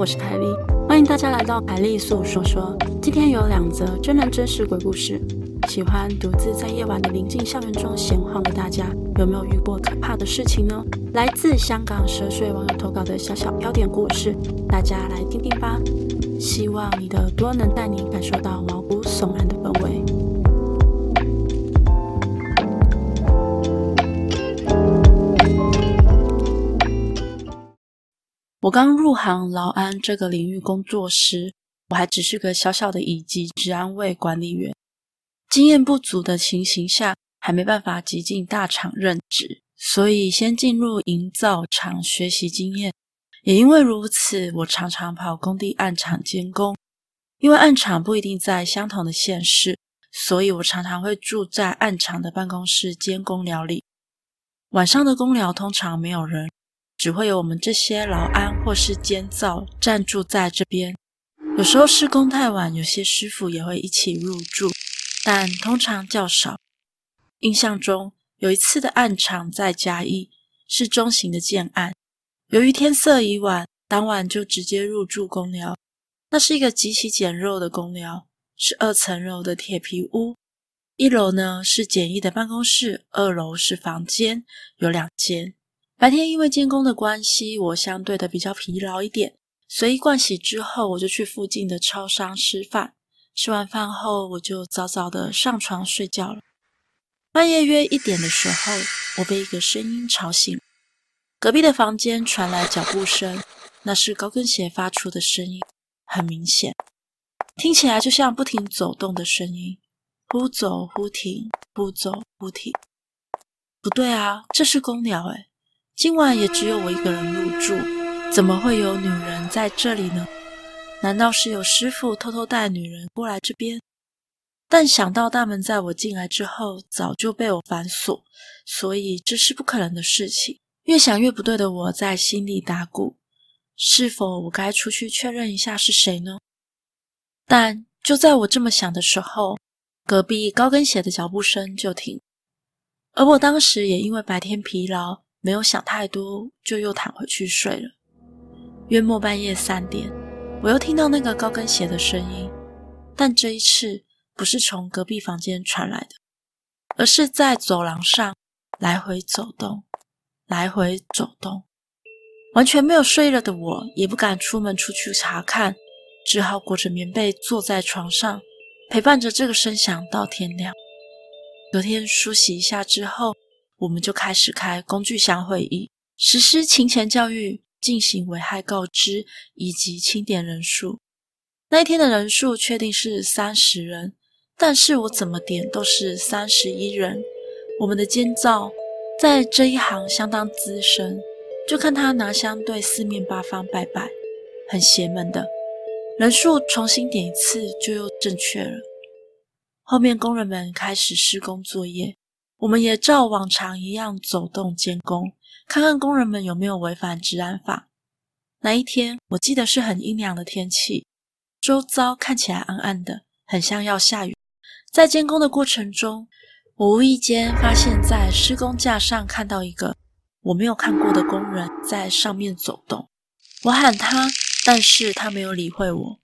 我是凱莉，歡迎大家來到凱莉粟說說。今天有兩則真人真事鬼故事。喜歡獨自在夜晚的寧靜校園中閒晃的大家，有沒有遇過可怕的事情呢？來自香港蛇水網友投稿的小小標點故事，大家來聽聽吧。希望你的耳朵能帶你感受到毛骨悚然的氛圍。我剛入行勞安這個領域工作時，我還只是個小小的乙級職安衛管理員，經驗不足的情形下，還沒辦法擠進大廠任職，所以先進入營造廠學習經驗。也因為如此，我常常跑工地案場監工，因為案場不一定在相同的縣市，所以我常常會住在案場的辦公室監工寮裡。晚上的工寮通常沒有人。只會有我們這些勞安或是監造暫住在這邊。有時候施工太晚，有些師傅也會一起入住，但通常較少。印象中有一次的案場在嘉義，是中型的建案。由於天色已晚，當晚就直接入住公寮。那是一個極其簡陋的公寮，是二層樓的鐵皮屋。一樓呢是簡易的辦公室，二樓是房間，有兩間。白天因為監工的關係，我相對的比較疲勞一點。隨意盥洗之後，我就去附近的超商吃飯。吃完飯後，我就早早的上床睡覺了。半夜約一點的時候，我被一個聲音吵醒，隔壁的房間傳來腳步聲，那是高跟鞋發出的聲音，很明顯，聽起來就像不停走動的聲音，忽走忽停，不走不停。不對啊，這是公鳥誒。今晚也只有我一個人入住，怎麼會有女人在這裡呢？難道是有師傅偷偷帶女人過來這邊？但想到大門在我進來之後早就被我反鎖，所以這是不可能的事情。越想越不對的我，在心裡打鼓，是否我該出去確認一下是誰呢？但就在我這麼想的時候，隔壁高跟鞋的腳步聲就停，而我當時也因為白天疲勞。沒有想太多，就又躺回去睡了。約莫半夜三點，我又聽到那個高跟鞋的聲音，但這一次不是從隔壁房間傳來的，而是在走廊上來回走動，來回走動。完全沒有睡了的我也不敢出門出去查看，只好裹着棉被坐在床上，陪伴着這個聲響到天亮。隔天梳洗一下之後。我們就開始開工具箱會議，實施勤前教育，進行危害告知以及清點人數。那一天的人數確定是三十人，但是我怎麼點都是三十一人。我們的監造在這一行相當資深，就看他拿香對四面八方拜拜，很邪門的。人數重新點一次就又正確了。後面工人們開始施工作業。我們也照往常一樣走動監工，看看工人們有沒有違反治安法。那一天，我記得是很陰涼的天氣，周遭看起來暗暗的，很像要下雨。在監工的過程中，我無意間發現，在施工架上看到一個我沒有看過的工人在上面走動。我喊他，但是他沒有理會我，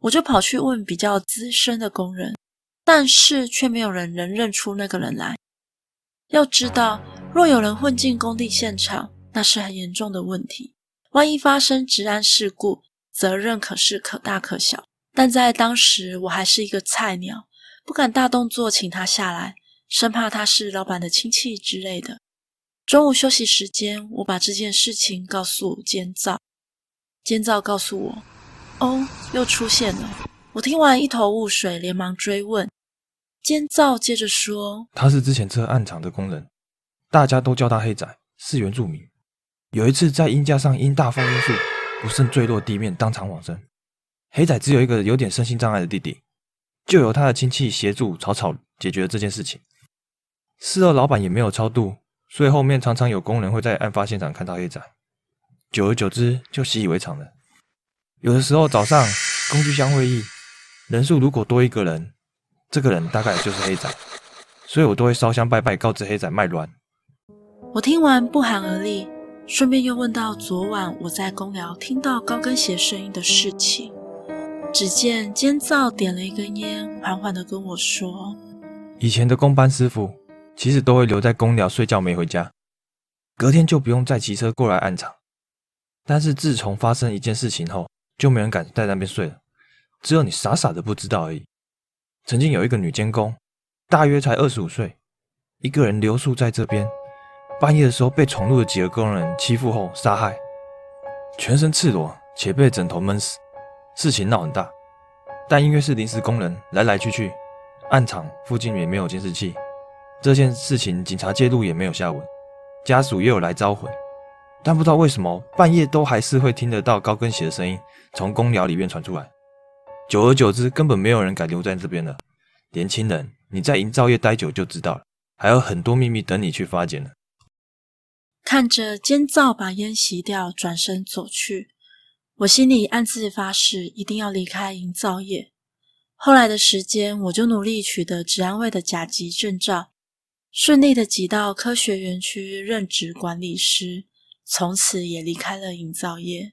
我就跑去問比較資深的工人，但是卻沒有人能認出那個人來。要知道，若有人混進工地現場，那是很嚴重的問題。萬一發生治安事故，責任可是可大可小。但在當時，我還是一個菜鳥，不敢大動作請他下來，生怕他是老闆的親戚之類的。中午休息時間，我把這件事情告訴監造，監造告訴我：“哦，又出現了。”我聽完一頭霧水，連忙追問。監造接着說：“他是之前車暗藏的工人，大家都叫他黑仔，是原住民。有一次在音架上因大風速不慎墜落地面，當場往生。黑仔只有一個有點身心障礙的弟弟，就由他的親戚協助草草解決了這件事情。事後老板也沒有超度，所以後面常常有工人會在案發現場看到黑仔，久而久之就習以為常了。有的時候早上工具箱會議人數如果多一個人。”這個人大概就是黑仔，所以我都會燒香拜拜，告知黑仔賣卵。我聽完不寒而慄，順便又問到昨晚我在工寮聽到高跟鞋聲音的事情。只見監造點了一根煙，緩緩地跟我說：“以前的工班師傅其實都會留在工寮睡覺，沒回家，隔天就不用再騎車過來案場。但是自從發生一件事情後，就沒人敢在那邊睡了，只有你傻傻的不知道而已。”曾經有一個女監工，大約才二十五歲，一個人留宿在這邊，半夜的時候被闖入的幾個工人欺負後殺害，全身赤裸且被枕頭悶死，事情鬧很大，但因為是臨時工人來來去去，案場附近也沒有監視器，這件事情警察介入也沒有下文，家屬也有來招魂，但不知道為什麼半夜都還是會聽得到高跟鞋的聲音從工寮裡面傳出來。久而久之，根本沒有人敢留在這邊了。年輕人，你在營造業待久就知道了，還有很多秘密等你去發現呢。看着監造把菸熄掉，轉身走去，我心裡暗自發誓，一定要離開營造業。後來的時間，我就努力取得職安衛的甲級證照，順利的擠到科學園區任職管理師，從此也離開了營造業。